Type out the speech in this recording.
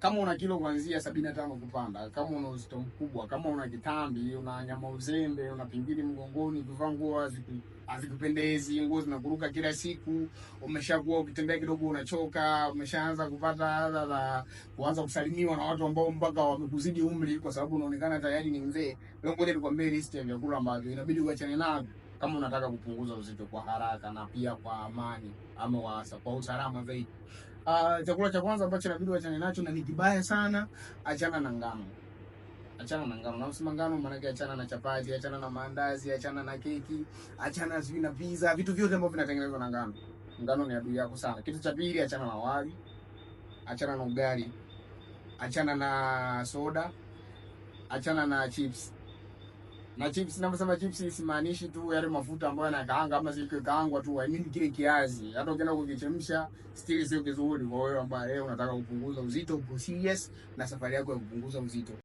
kama una kilo kuanzia sabini na tano kupanda, kama una uzito mkubwa, kama una kitambi, una nyama uzembe, una pingili mgongoni, kuvaa nguo hazikupendezi, nguo zinakuruka kila siku, umeshakuwa ukitembea kidogo unachoka, umeshaanza kupata adha za kuanza kusalimiwa na watu ambao mpaka wamekuzidi umri, kwa sababu unaonekana tayari ni mzee. Leo ngoja nikwambie list ya vyakula ambavyo inabidi uachane navyo kama unataka kupunguza uzito kwa haraka na pia kwa amani ama kwa usalama zaidi. Ah, chakula cha kwanza ambacho inabidi wachane nacho na ni kibaya sana, achana na ngano. Achana na ngano. Nausema ngano maana yake achana na chapati, achana na maandazi, achana na keki, achana sijui na pizza, vitu vyote ambavyo vinatengenezwa na ngano. Ngano ni adui yako sana. Kitu cha pili, achana na wali. Achana na ugali. Achana na soda. Achana na chips. Na chips ninavyosema chips simaanishi tu yale mafuta ambayo yanakaanga ama zile kaangwa tu, I mean kile kiazi. Hata ukienda kukichemsha still sio kizuri kwa wewe ambaye unataka kupunguza uzito, go serious na safari yako ya kupunguza uzito.